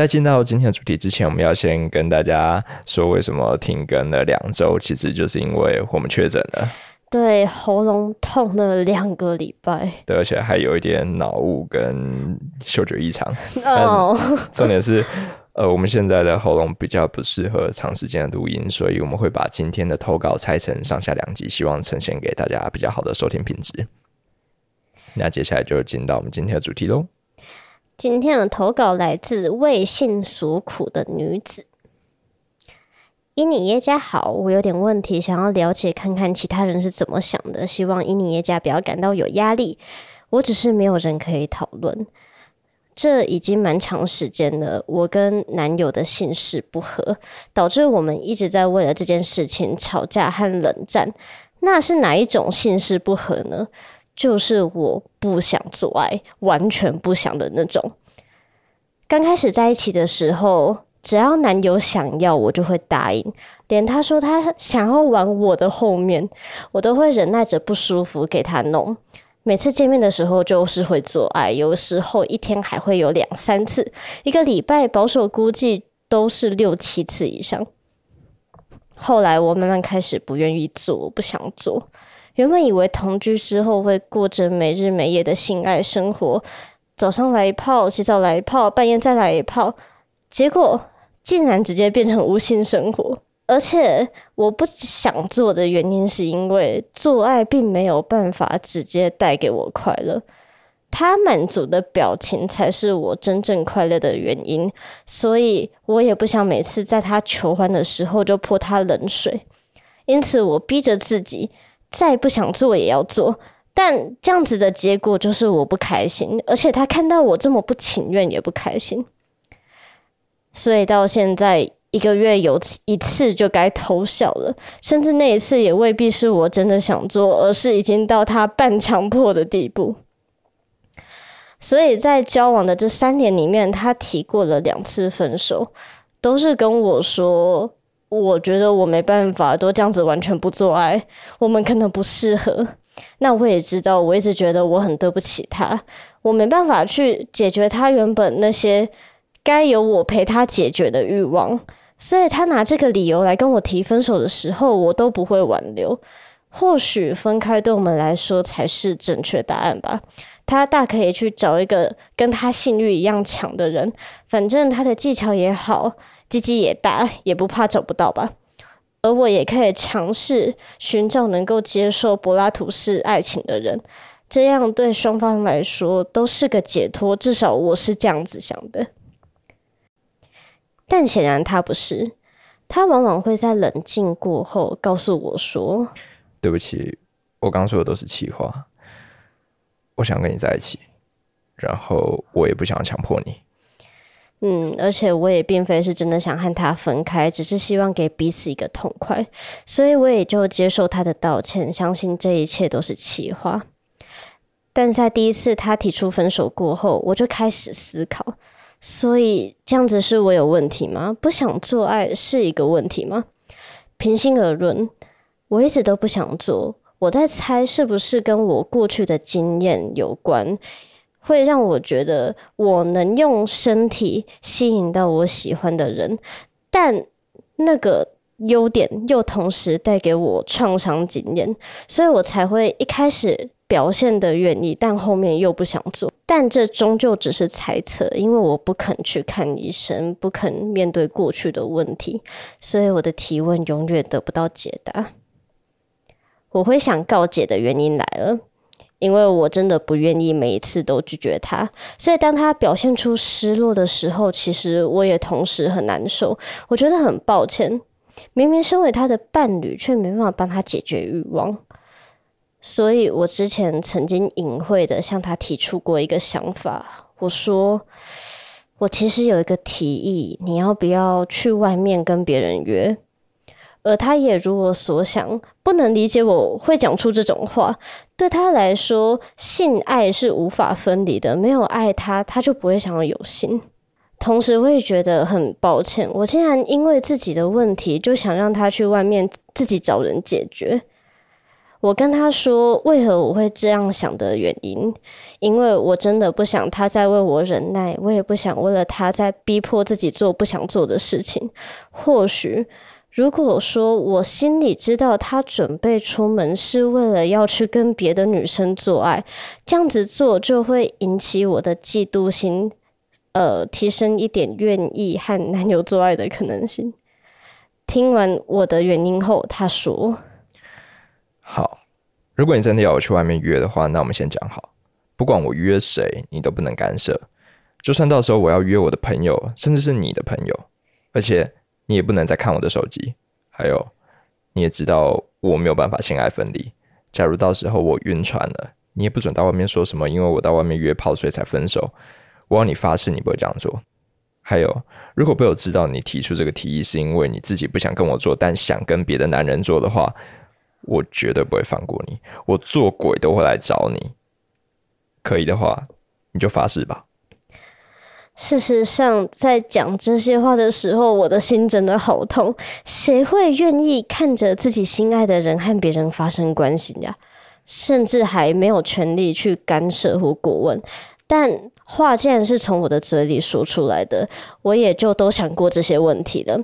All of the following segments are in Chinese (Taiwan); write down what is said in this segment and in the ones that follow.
在進到今天的主題之前，我們要先跟大家說，為什麼停更了兩週，其實就是因為我們確診了，對，喉嚨痛了兩個禮拜，對，而且還有一點腦霧跟嗅覺異常。哦，重點是， 呃，我們現在的喉嚨比較不適合長時間的錄音，所以我們會把今天的投稿拆成上下兩集，希望呈現給大家比較好的收聽品質。那接下來就進到我們今天的主題嘍。今天的投稿來自為性所苦的女子。伊妮耶加好，我有點問題想要了解看看其他人是怎麼想的，希望伊妮耶加不要感到有壓力。我只是沒有人可以討論，這已經蠻長時間了。我跟男友的性事不合，導致我們一直在為了這件事情吵架和冷戰。那是哪一種性事不合呢？就是我不想做愛，完全不想的那種。剛開始在一起的時候，只要男友想要，我就會答應。連他說他想要玩我的後面，我都會忍耐着不舒服給他弄。每次見面的時候，就是會做愛，有時候一天還會有兩三次，一個禮拜保守估計都是六七次以上。後來我慢慢開始不願意做，不想做。原本以為同居之後會過着沒日沒夜的性愛生活，早上來一泡，洗澡來一泡，半夜再來一泡，結果竟然直接變成無性生活。而且我不想做的原因，是因為做愛並沒有辦法直接帶給我快樂，他滿足的表情才是我真正快樂的原因，所以我也不想每次在他求歡的時候就潑他冷水。因此，我逼着自己。再不想做也要做，但這樣子的結果就是我不開心，而且他看到我這麼不情願也不開心。所以到現在一個月有一次就該偷笑了，甚至那一次也未必是我真的想做，而是已經到他半強迫的地步。所以在交往的這三年裡面，他提過了兩次分手，都是跟我說。我覺得我沒辦法都這樣子完全不做愛，我們可能不適合。那我也知道，我一直覺得我很對不起他，我沒辦法去解決他原本那些該由我陪他解決的慾望。所以他拿這個理由來跟我提分手的時候，我都不會挽留。或許分開對我們來說才是正確答案吧。他大可以去找一個跟他性慾一樣強的人，反正他的技巧也好。雞雞也大，也不怕找不到吧。而我也可以嘗試尋找能夠接受柏拉圖式愛情的人，這樣對雙方來說都是個解脫，至少我是這樣子想的。但顯然他不是，他往往會在冷靜過後告訴我說：“對不起，我剛說的都是氣話。我想跟你在一起，然後我也不想強迫你。”嗯，而且我也並非是真的想和他分開，只是希望給彼此一個痛快，所以我也就接受他的道歉，相信這一切都是氣話。但在第一次他提出分手過後，我就開始思考，所以這樣子是我有問題嗎？不想做愛是一個問題嗎？平心而論，我一直都不想做，我在猜是不是跟我過去的經驗有關。會讓我覺得我能用身體吸引到我喜歡的人，但那個優點又同時帶給我創傷經驗，所以我才會一開始表現得願意，但後面又不想做。但這終究只是猜測，因為我不肯去看醫生，不肯面對過去的問題，所以我的提問永遠得不到解答。我會想告解的原因來了。因為我真的不願意每一次都拒絕他，所以當他表現出失落的時候，其實我也同時很難受。我覺得很抱歉，明明身為他的伴侶，卻沒辦法幫他解決欲望。所以我之前曾經隱晦地向他提出過一個想法，我說：“我其實有一個提議，你要不要去外面跟別人約？”而他也如我所想，不能理解我會講出這種話。對他來說，性愛是無法分離的，沒有愛他，他就不會想要有性。同時，我也覺得很抱歉，我竟然因為自己的問題就想讓他去外面自己找人解決。我跟他說，為何我會這樣想的原因，因為我真的不想他再為我忍耐，我也不想為了他再逼迫自己做不想做的事情。或許。如果說我心裡知道他準備出門是為了要去跟別的女生做愛，這樣子做就會引起我的嫉妒心，呃，提升一點願意和男友做愛的可能性。聽完我的原因後，他說：“好，如果你真的要我去外面約的話，那我們先講好，不管我約誰，你都不能干涉，就算到時候我要約我的朋友，甚至是你的朋友，而且。”你也不能再看我的手機，還有，你也知道我沒有辦法性愛分離。假如到時候我暈船了，你也不准到外面說什麼，因為我到外面約炮所以才分手。我要你發誓你不會這樣做。還有，如果被我知道你提出這個提議是因為你自己不想跟我做，但想跟別的男人做的話，我絕對不會放過你，我做鬼都會來找你。可以的話，你就發誓吧。事實上，在講這些話的時候，我的心真的好痛。誰會願意看着自己心愛的人和別人發生關係呀？甚至還沒有權利去干涉或過問。但話既然是從我的嘴裡說出來的，我也就都想過這些問題了。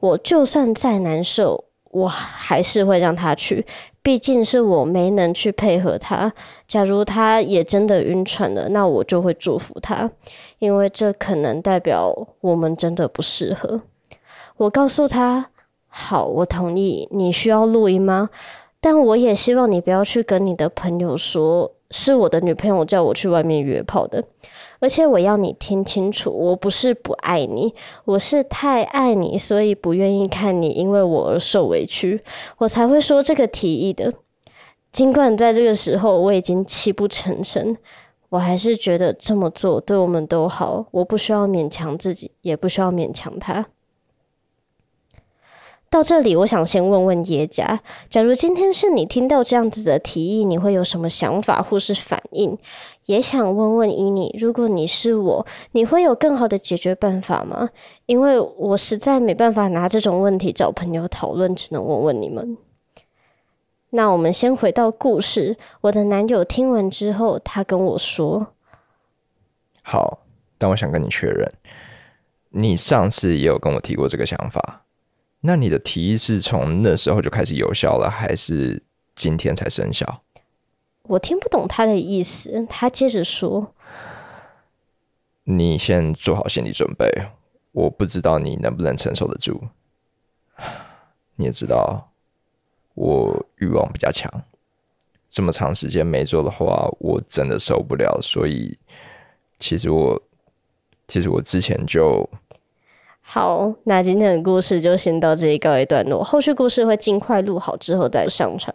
我就算再難受，我還是會讓他去。畢竟是我沒能去配合他，假如他也真的暈船了，那我就會祝福他，因為這可能代表我們真的不適合。我告訴他：“好，我同意，你需要錄音嗎？”但我也希望你不要去跟你的朋友說，是我的女朋友叫我去外面約炮的。而且我要你聽清楚，我不是不愛你，我是太愛你，所以不願意看你因為我而受委屈，我才會說這個提議的。儘管在這個時候我已經泣不成聲，我還是覺得這麼做對我們都好，我不需要勉強自己，也不需要勉強他。到這裡，我想先問問耶加，假如今天是你聽到這樣子的提議，你會有什麼想法或是反應？也想問問伊妮，如果你是我，你會有更好的解決辦法嗎？因為我實在沒辦法拿這種問題找朋友討論，只能問問你們。那我們先回到故事，我的男友聽完之後，他跟我說：“好，但我想跟你確認，你上次也有跟我提過這個想法。”那你的提議是從那時候就開始有效了，還是今天才生效？我聽不懂他的意思。他接着說：“你先做好心理準備，我不知道你能不能承受得住。你也知道，我慾望比較強，這麼長時間沒做的話，我真的受不了。所以，其實我，其實我之前就……”好，那今天的故事就先到這裡告一段落。後續故事會盡快錄好之後再上傳。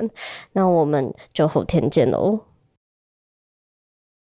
那我們就後天見嘍。